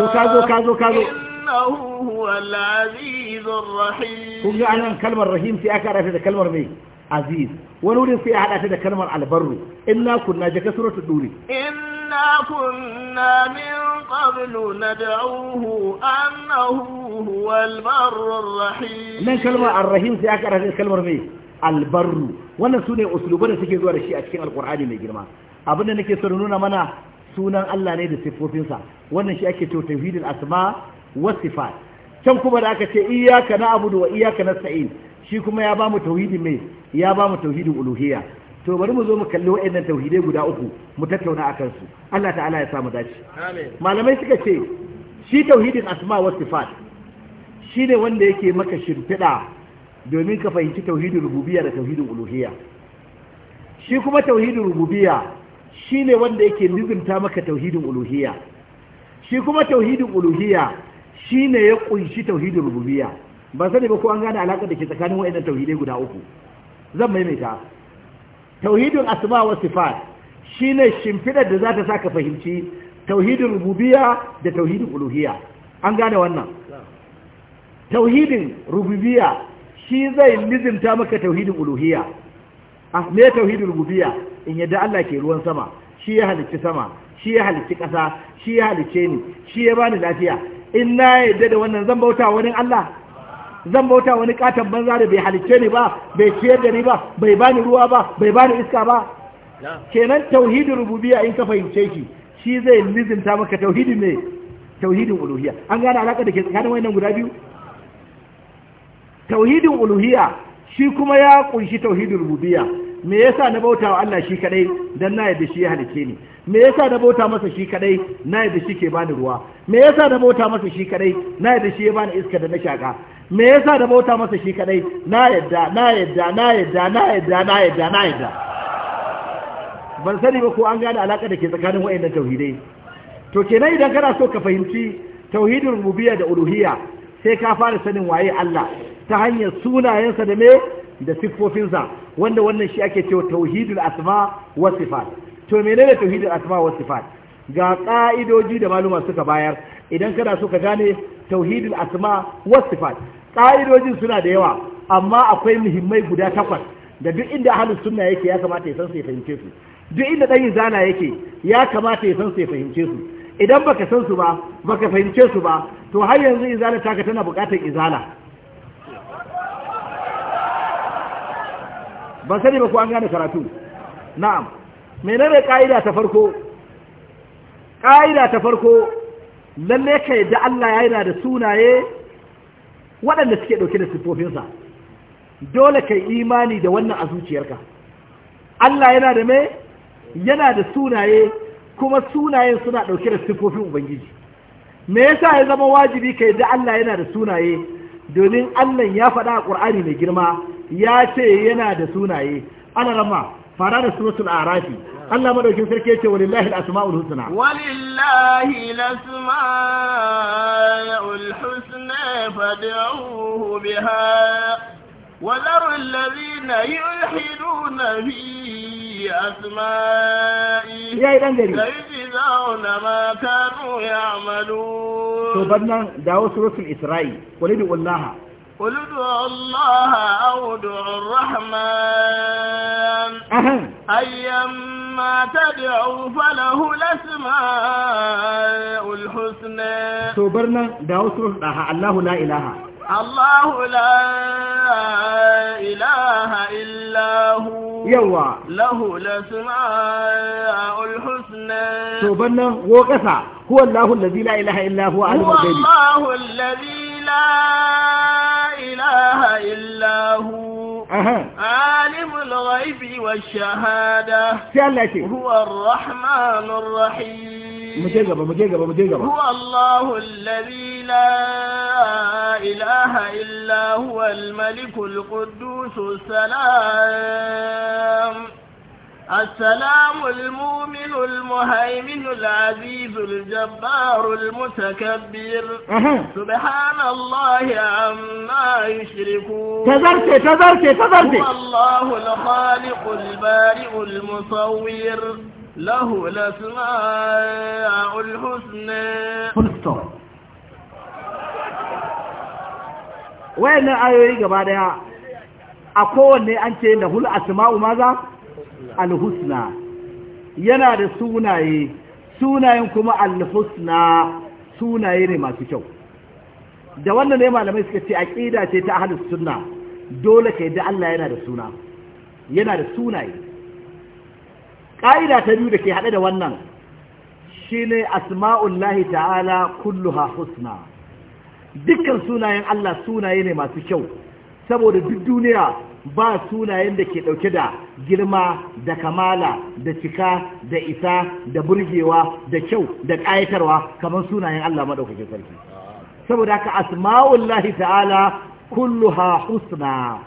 to ka zo ka zo ka zo innahu huwal azizur rahim kun ga anan kalmar rahim sai aka rafe da kalmar mai aziz wani wurin sai a hada ta da kalmar albarru inna kunna jaka suratul duri inna إنا كنا من قبل ندعوه أنه هو البر الرحيم من كلمة الرحيم سيأكره الكلمة مي البر وانا سوني أسلوبنا سيكي زوار الشيء أشكين القرآن مي جرما أبدا نكي سرنونا منا sunan Allah ne da siffofinsa wannan shi ake cewa tauhidul asma wa sifat can kuma da aka ce iyyaka Abudu wa iyyaka nasta'in shi kuma ya bamu Tauhidin mai ya bamu to bari mu zo mu kalli wa'annan tauhidai guda uku mu tattauna a su Allah ta'ala ya samu dace malamai suka ce shi tauhidin asma wa sifat shi ne wanda yake maka shirfida domin ka fahimci tauhidin rububiyya da tauhidin uluhiyya shi kuma tauhidin rububiyya shi ne wanda yake nufinta maka tauhidin uluhiyya shi kuma tauhidin uluhiyya shi ne ya kunshi tauhidin rububiyya ba sani ba ko an gane alaƙar da ke tsakanin wa'annan tauhidai guda uku zan maimaita tauhidin asma wa sifat shine shimfidar da zata saka fahimci tauhidin rububiyya da tauhidin uluhiyya an gane wannan tauhidin rububiyya shi zai nizimta maka tauhidin uluhiyya ah me tauhidin rububiyya in yadda Allah ke ruwan sama shi ya halicci sama shi ya halicci ƙasa shi ya halicce ni shi ya bani lafiya in na yadda da wannan zan bauta wani Allah zan bauta wani katon banza da bai halicce ni ba bai ciyar da ni ba bai bani ruwa ba bai bani iska ba kenan tauhidin rububiyya in ka fahimce shi shi zai lizinta maka tauhidin ne tauhidin uluhiyya an gane alaka da ke tsakanin wannan guda biyu tauhidin uluhiyya shi kuma ya kunshi tauhidin rububiyya me yasa na bauta wa Allah shi kadai dan na yadda shi ya halice ni me yasa na bauta masa shi kadai na yadda shi ke bani ruwa me yasa na bauta masa shi kadai na yadda shi ya bani iska da na shaka me yasa na bauta masa shi kadai na yadda na yadda na yadda na yadda na yadda na yadda ban sani ba ko an gane alaka da ke tsakanin wayannan tauhidai to kenan idan kana so ka fahimci tauhidul rububiyya da uluhiyya sai ka fara sanin waye Allah ta hanyar sunayensa da me da siffofinsa wanda wannan shi ake cewa tauhidul asma wa sifat to menene tauhidul asma wa sifat ga ka'idoji da maluma suka bayar idan kana so ka gane tauhidul asma wa sifat ka'idojin suna da yawa amma akwai muhimmai guda takwas da duk inda ahlus sunna yake ya kamata ya san sai fahimce su duk inda dan zana yake ya kamata ya san sai fahimce su idan baka san su ba baka fahimce su ba to har yanzu izala taka tana bukatar izala ban sani ba ko an gane karatu na'am menene ka'ida ta farko ka'ida ta farko lalle ka da Allah ya yana da sunaye waɗanda suke ɗauke da siffofinsa dole ka imani da wannan a zuciyarka Allah yana da me yana da sunaye kuma sunayen suna ɗauke da sifofin ubangiji me yasa ya zama wajibi ka da Allah yana da sunaye domin Allah ya faɗa a ƙur'ani mai girma ya ce yana da sunaye ana rama fara da suratul arafi Allah madaukin sarki yace walillahi al-asmaul husna walillahi al-asmaul husna fad'uhu biha وذروا الذين يلحدون في أسمائه سيجزون ما كانوا يعملون سبحان دعوة سورة الإسرائيل ولدوا الله قل ادعوا الله أو ادعوا الرحمن أيما تدعوا فله الأسماء الحسنى توبرنا دعوت الله لا إله الله لا إله إلا هو يوا له الأسماء الحسنى توبرنا وقفا هو الله الذي لا إله إلا هو هو الله الذي لا إله إلا هو عالم الغيب والشهادة هو الرحمن الرحيم هو الله الذي لا إله إلا هو الملك القدوس السلام السلام المؤمن المهيمن العزيز الجبار المتكبر سبحان الله عما يشركون تذرت تذرت تذرت هو الله الخالق البارئ المصور له الأسماء الحسنى wayannan ayoyi gaba daya a kowanne an ce da hul alhusna yana da sunaye sunayen kuma alhusna sunaye ne masu kyau da wannan ne malamai suka ce aqida ce ta ahlus sunna dole kai da Allah yana da suna yana da sunaye ƙa'ida ta biyu da ke hade da wannan shine lahi ta'ala kulluha husna dukkan sunayen Allah sunaye ne masu kyau saboda duk duniya ba sunayen da ke ɗauke da girma da kamala da cika da isa da burgewa da kyau da ƙayatarwa kamar sunayen Allah maɗaukakin sarki saboda haka asma'ullahi ta'ala kulluha husna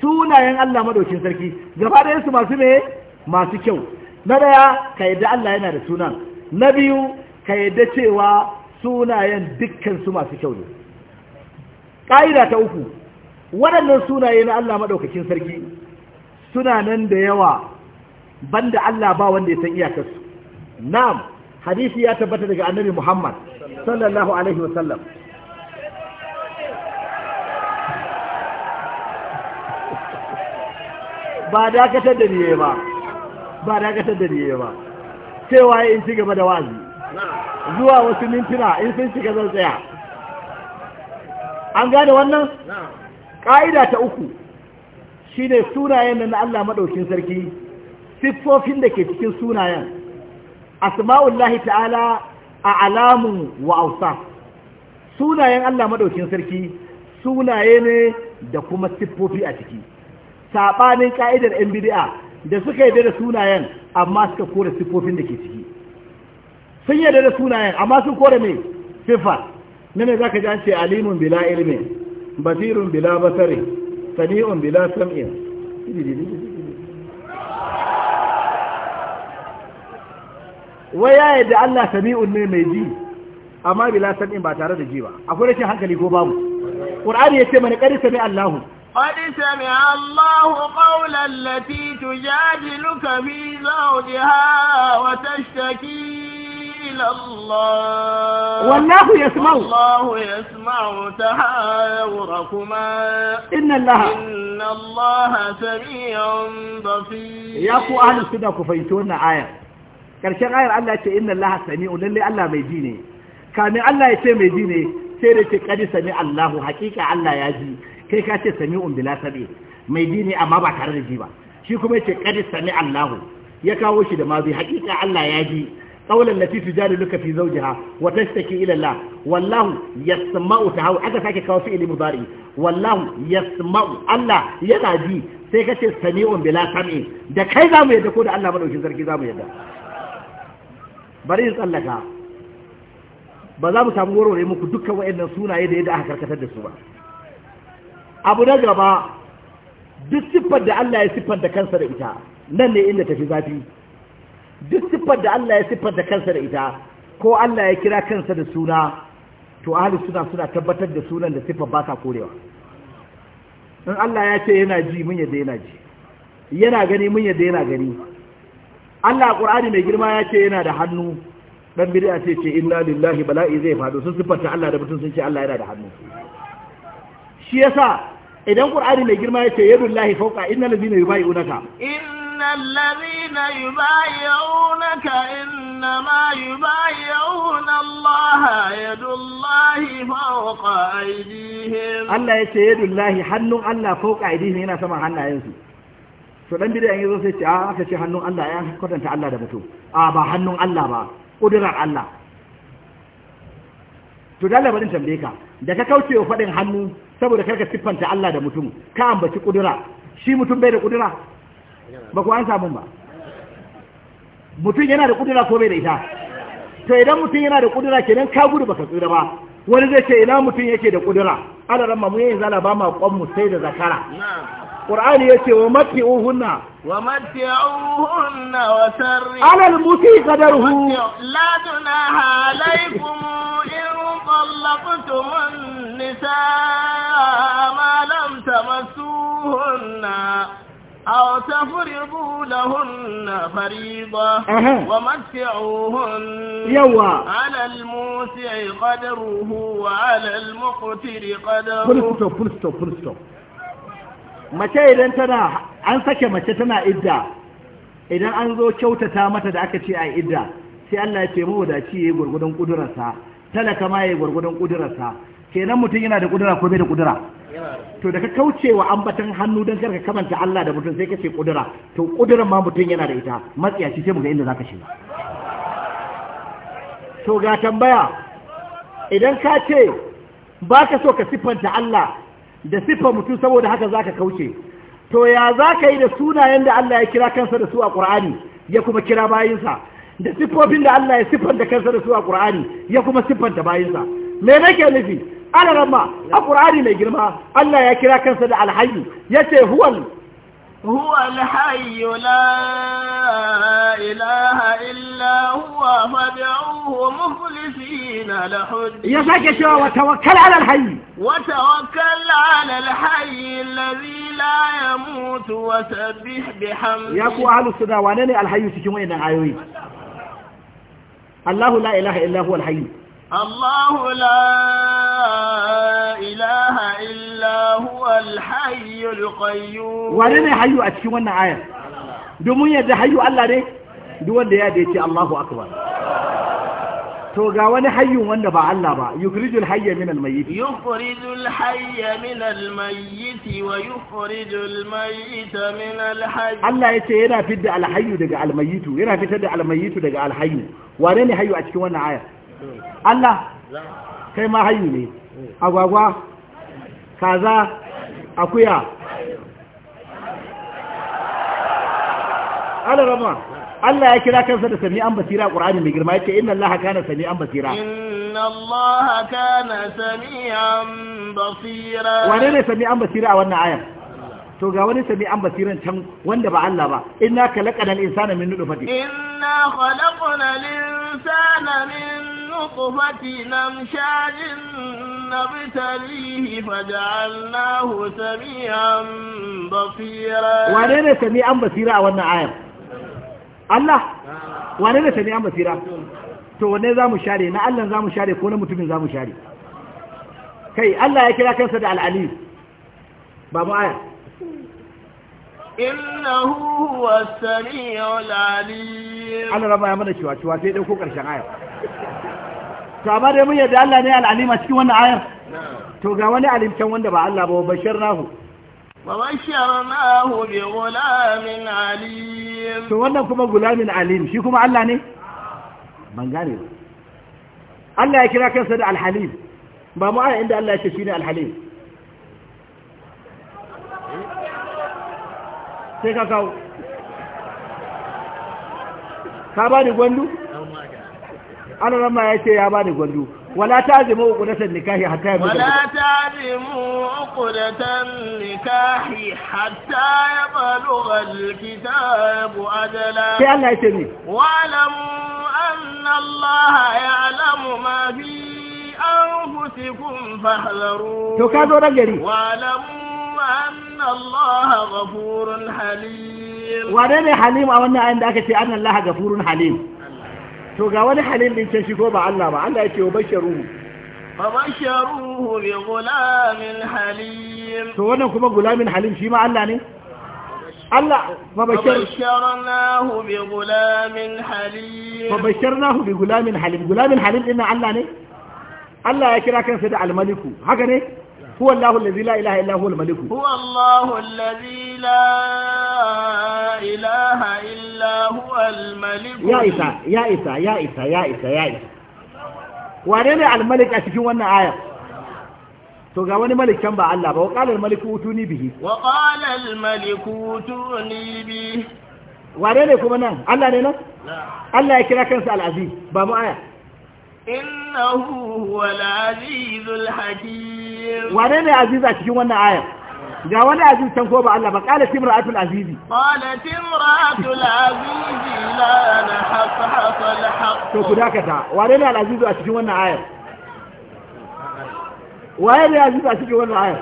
sunayen Allah maɗaukakin sarki gaba da yansu masu ne masu kyau na daya ka yadda Allah yana da sunan na biyu ka yadda cewa sunayen dukkan su masu kyau ne ƙa'ida ta uku waɗannan sunaye na Allah maɗaukakin sarki suna nan da yawa banda Allah ba wanda ya san iyakarsu na'am hadisi ya tabbata daga annabi Muhammad sallallahu alaihi wasallam ba dakatar da niye ba ba dakatar da niye ba cewa in ci gaba da wazi zuwa wasu mintuna in sun shiga zan tsaya an gane wannan ƙa'ida ta uku shi ne sunayen da na Allah maɗaukin sarki siffofin da ke cikin sunayen asma'ullahi ta'ala a alamun ausa sunayen Allah maɗaukin sarki sunaye ne da kuma siffofi a ciki saɓanin ƙa'idar ‘yan bidi'a da suka yi da sunayen amma suka kore siffofin da ke ciki sun yi da sunayen amma sun kore mai siffa na ne za ka jance alimun bila ilimin basirun bila basari sami'un bila sam'in wai ya yadda Allah sami'un ne mai ji amma bila sam'in ba tare da ji ba akwai rashin hankali ko babu ƙur'ani ya ce mana ƙari sami Allahu قد سمع الله قول التي تجادلك في زوجها وتشتكي إلى الله والله يسمع والله يسمع تحاوركما إن الله إن الله سميع بصير يا أهل السنة كفيتونا آية karshen ayar Allah ce inna Allah sami'u lalle Allah mai ji ne kamin Allah ya ce mai ji ne sai da ce kadi sami Allahu hakika Allah ya ji kai ka ce sami'un bila sabi mai ji ne amma ba tare da ji ba shi kuma ya ce kadi sami Allahu ya kawo shi da mazi hakika Allah ya ji qawlan lati tujadiluka fi zawjiha wa tashtaki ila Allah wallahu yasma'u tahaw aka sake kawo fi'ili mudari wallahu yasma'u Allah yana ji sai kace sami'un bila sam'i da kai mu yadda ko da Allah madaukin sarki mu yadda bari in tsallaka ba za mu samu warware muku dukkan waɗannan sunaye da yadda aka karkatar da su ba abu na gaba duk siffar da Allah ya siffar da kansa da ita nan ne inda tafi zafi duk siffar da Allah ya siffar da kansa da ita ko Allah ya kira kansa da suna to ahli suna suna tabbatar da sunan da siffar ba sa korewa in Allah ya ce yana ji mun yadda yana ji yana gani mun yadda yana gani Allah Qur'ani mai girma ya ce yana da hannu dan bid'a ce ce inna lillahi bala'i zai fado sun ta Allah da mutum sun ce Allah yana da hannu shi yasa idan Qur'ani mai girma ya ce yadullahi fawqa innal ladina yubai'unaka in إن الذين يبايعونك إنما يبايعون الله يد الله فوق أيديهم الله يتي يد الله حنو الله فوق أيديهم هنا سمع حنا ينسو to dan bidan yazo sai ce a ah, aka ce hannun Allah ya kwatanta Allah da mutum a ah, ba hannun Allah ba kudurar Allah to dalla barin tambaye ka da ka kauce wa fadin hannu saboda karka siffanta Allah da mutum ka ambaci kudura shi mutum bai da kudura ba ku an samun ba mutum yana da kudura ko bai da ita to idan mutum yana da kudura kenan ka gudu baka tsira ba wani zai ce ina mutum yake da kudura ana ramma mamu yayin zala ba ma kwan mu sai da zakara qur'ani yace wa uhunna wa uhunna wa sarri ala al-muti qadaruhu la alaykum in أو تفرضوا لهن فريضة ومتعوهن يوا على الموسع قدره وعلى المقتر قدره فرصة فرصة فرصة mace idan an sake mace tana idda idan an zo kyautata mata da aka ce a idda sai Allah ya ce mawadaci ya yi gwargwadon kudurarsa talaka ma ya yi gwargwadon kudurarsa kenan mutum yana da kudura ko bai da kudura to da ka kauce wa ambatan hannu don karka kamanta Allah da mutum sai ka ce kudura to kudurar ma mutum yana da ita matsiyaci sai mu ga inda zaka shiga to ga tambaya idan ka ce ba ka so ka siffanta Allah da siffar mutum saboda haka zaka kauce to ya zaka yi da sunayen da Allah ya kira kansa da su a Qur'ani ya kuma kira bayinsa da siffofin da Allah ya siffanta kansa da su a Qur'ani ya kuma siffanta bayinsa me nake nufi alarama a ƙur'ani mai girma Allah ya kira kansa da alhayu ya ce huwal huwal hayu la ilaha illa huwa fad'uhu muflisina lahu ya sake cewa wa tawakkal ala alhayi wa tawakkal ala alhayi alladhi la yamutu wa sabbih bihamdi ya ku ahlus sunna wane ne alhayu cikin wayannan ayoyi Allahu la ilaha illa huwa alhayu الله لا إله إلا هو الحي القيوم ولن حي أتشونا آية domin yadda hayu Allah ne duk wanda ya da Allahu akbar to ga wani hayyun wanda ba Allah ba yukhrijul hayya min al-mayyit yukhrijul min al-mayyit wa yukhrijul mayyita min al-hayy Allah yace yana fidda al-hayyu daga al yana fitar da al daga al-hayyu wane ne hayyu a cikin wannan ayar. Allah kai ma hayu ne agwagwa kaza akuya Allah rama Allah ya kira kansa da sami'an basira Qur'ani mai girma yake inna Allah kana sami'an basira inna Allah kana sami'an basira wane ne sami'an basira a wannan ayar to ga wani sami an basiran can wanda ba Allah ba inna khalaqana al-insana min nutfatin inna khalaqana al-insana min nutfatin amshajin nabtalihi faj'alnahu samian basira wane ne sami an basira a wannan ayar Allah wane ne sami an basira to wanne zamu share na Allah zamu share ko na mutumin zamu share kai Allah ya kira kansa da al-alim ba mu aya إنه هو السميع العليم أنا ربا يا مدى شوى شوى شوى شوى شوى شوى kama dai mun yadda Allah ne al'alima cikin wannan ayar to ga wani alimcan wanda ba Allah ba bashir nahu babashirnahu bi gulamin alim to wannan kuma gulamin alim shi kuma Allah ne ban gane Allah ya kira kansa da alhalim ba mu inda Allah ya sai ka kawo ka ba ni gwandu ana rama ya ce ya ba ni gwandu wala ta zima uqdatan nikahi hatta yabluga wala ta zima uqdatan nikahi hatta yabluga alkitab adala. sai Allah ya ce ni wa'lamu an Allah ya'lamu ma fi fusikun fahdharu to ka zo ran gari wa'lamu cewa Allah gafurun halim. Wane ne halim a wannan ayin da aka ce an Allah gafurun halim? To ga wani halim din can shi ko ba Allah ba, Allah ya ce wa bashe ruhu. Fa gulamin halim. To wannan kuma gulamin halim shi Allah ne? Allah fa bashe gulamin halim. Fa bashe ruhu gulamin halim. Gulamin halim din Allah ne? Allah ya kira kansa da almaliku, Haka ne? هو الله الذي لا إله إلا هو الملك هو الله الذي لا إله إلا هو الملك يا إسا يا إسا يا إسا يا إسا يا إسا almalik a cikin wannan to ga wani malik can ba Allah ba wa qala almaliku utuni bihi wa qala almaliku utuni bi. wane ne kuma nan Allah ne nan Allah ya kira kansa al-aziz ba mu aya innahu huwal azizul hakim wane ne aziz a cikin wannan ayar ga wani aziz can ko ba Allah ba Kala qala timra'atul azizi qala timra'atul azizi la nahaqqa al haqq to ku kudakata wane ne al aziz a cikin wannan ayar waye ne aziz a cikin wannan ayar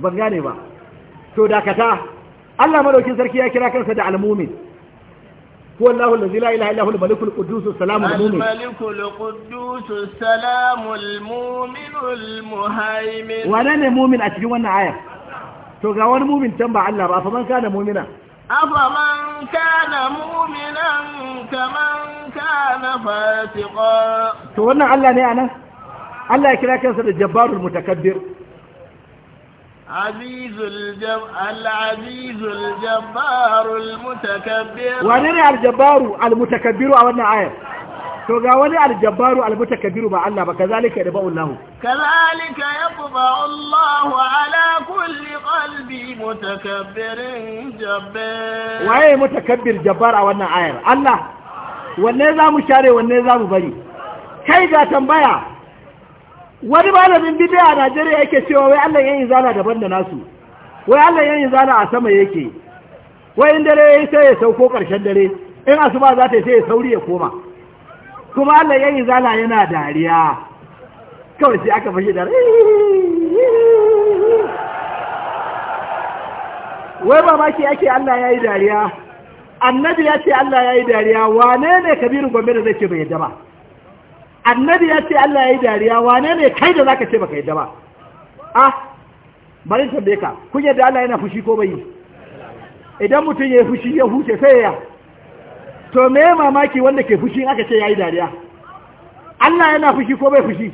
ban gane ba to dakata Allah madaukin sarki ya kira kansa da almumin. هو الله الذي لا إله إلا هو الملك القدوس السلام المؤمن الملك القدوس السلام المؤمن المهيمن وانا مؤمن أتجي وانا آية تقول مؤمن تنبع الله فمن كان مؤمنا أفمن كان مؤمنا كمن كان فاتقا تقولنا الله ني أنا الله يكلاك يصل الجبار المتكبر عزيز الجب العزيز الجبار المتكبر وانا الجبار المتكبر او انا ايه to ga wani aljabaru almutakabbiru ba Allah ba kazalika yadba Allah kazalika yaqba Allah ala kulli qalbi mutakabbirin jabbar waye mutakabbir jabbar a wannan ayar Allah wanne zamu share wanne zamu bari kai ga tambaya wani malamin bidiya a Najeriya yake cewa wai Allah yayin zana daban da nasu wai Allah yayin zana a sama yake wai in dare yayi sai ya sauko karshen dare in asuba za ta sai ya sauri ya koma kuma Allah yayin zana yana dariya kawai sai aka fashi da wai mamaki ake Allah yayi dariya annabi ya ce Allah yayi dariya wane ne kabirin gombe da zai ce bai yadda ba annabi ya ce Allah ya yi dariya wane ne kai da ka ce ba ka yadda ba a ah, bari tambaye ka kun yadda Allah yana fushi ko bai yi idan mutum ya yi fushi ya huce sai ya to me mamaki wanda ke fushi aka ce ya yi dariya Allah yana fushi ko bai fushi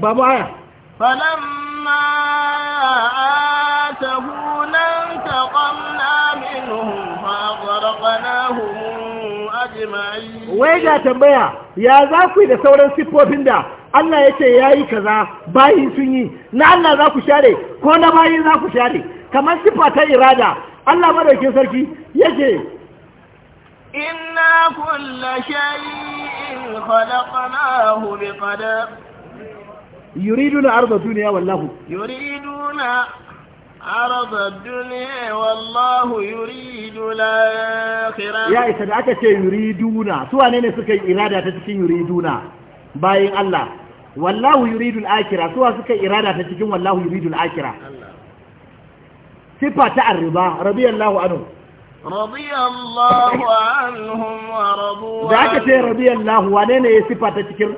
ba mu aya falamma atahu lan taqamna minhum fa aghraqnahum wai ga tambaya ya za ku yi da sauran siffofin da Allah ya ce ya yi kaza bayin sun yi na Allah za ku share ko na bayin za ku share kamar siffa ta irada Allah madaukin sarki yake inna kulla shay'in khalaqnahu biqadar yuriduna wallahu عرض الدنيا والله يريد الآخرة يا إسد دعك يريدونا سوى نين سكي إرادة تسكي يريدونا باي الله والله يريد الآخرة سوى سكي إرادة تسكي والله يريد الآخرة سبا تعرضا رضي الله عنه رضي الله عنهم ورضوا عنه دعك رضي الله ونين صفة تسكي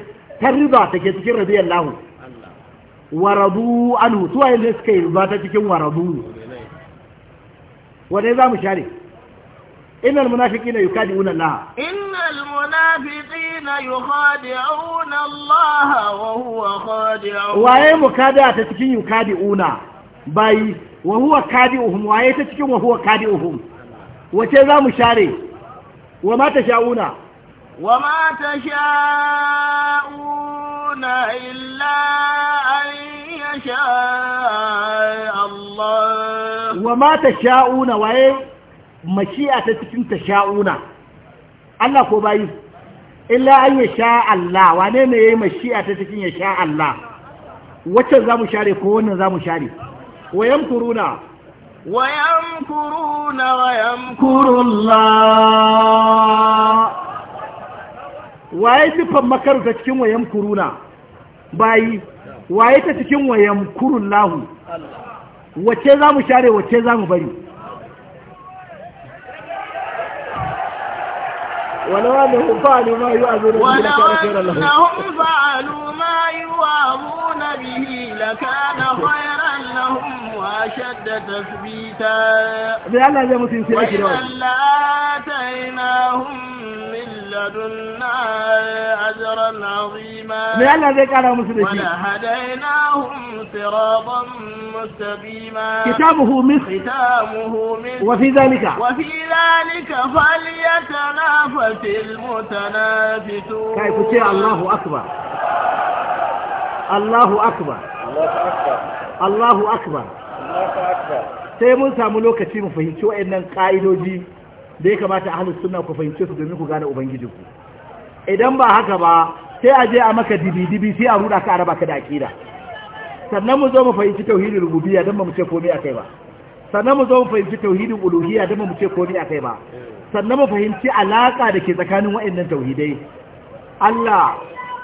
ترضا تسكي رضي الله عنه waradu anhu su waye ne suka yi ta cikin waradu wanda za mu share innal munafiqina yukadi'una Allah innal munafiqina yukhadi'una Allah wa huwa khadi'uhum waye mukada ta cikin yukadi'una bayi wa huwa kadi'uhum waye ta cikin wa huwa kadi'uhum wace za mu share wa ma tasha'una وما تشاءون إلا أن يشاء الله وما تشاءون وإن مشيئة تكن تشاءون الله كبير إلا أن يشاء الله وأنين يهي مشيئة تكن يشاء الله wacce za mu share ko wannan za mu share wayan kuruna wayan kuruna wayan kurullah waye sifan makaru ta cikin wayan kuruna bayi waye ta cikin wayan kurun lahu wacce za mu share wacce za mu bari ولو أنهم فعلوا ما يوعظون به لكان خيرا لهم تثبيتا لدنا أجرا عظيما ولهديناهم صراطا مستقيما كتابه مصر كتابه مصر وفي ذلك وفي ذلك فليتنافس المتنافسون كيف تشاء الله أكبر الله أكبر الله أكبر الله أكبر الله أكبر sai mun samu lokaci mu fahimci da ya kamata a halittu suna ku fahimce su domin ku gane ubangijinku idan ba haka ba sai a je a maka dibi-dibi sai a ruda ka a raba ka da akida sannan mu zo mu fahimci tauhidin rububiya don ba mu ce komai akai ba sannan mu zo mu fahimci tauhidin uluhiya don ba mu ce komai akai ba sannan mu fahimci alaƙa da ke tsakanin waɗannan tauhidai Allah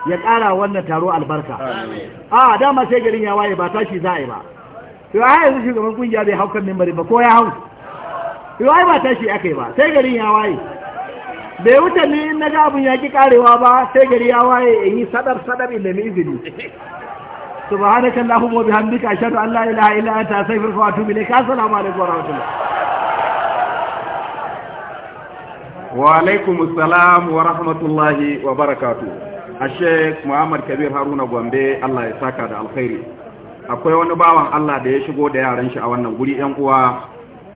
ya ƙara wannan taro albarka a ah, dama sai garin ya waye ba tashi za a yi ba to a yanzu shugaban ƙungiya bai hau kan mimbari ba ko ya hau yawai ba tashi aka yi ba sai garin ya waye ya wuce ni na ga abin ya ki karewa ba sai gari ya waye in yi sadar sadar ila mai izini mobi hannu ka bihamdika ashhadu an la ilaha ta sai firka wa atubu ilayk assalamu alaikum wa rahmatullah wa alaikum salam wa rahmatullahi wa a sheik Muhammad Kabir Haruna Gombe Allah ya saka da alkhairi akwai wani bawan Allah da ya shigo da yaran shi a wannan guri yan uwa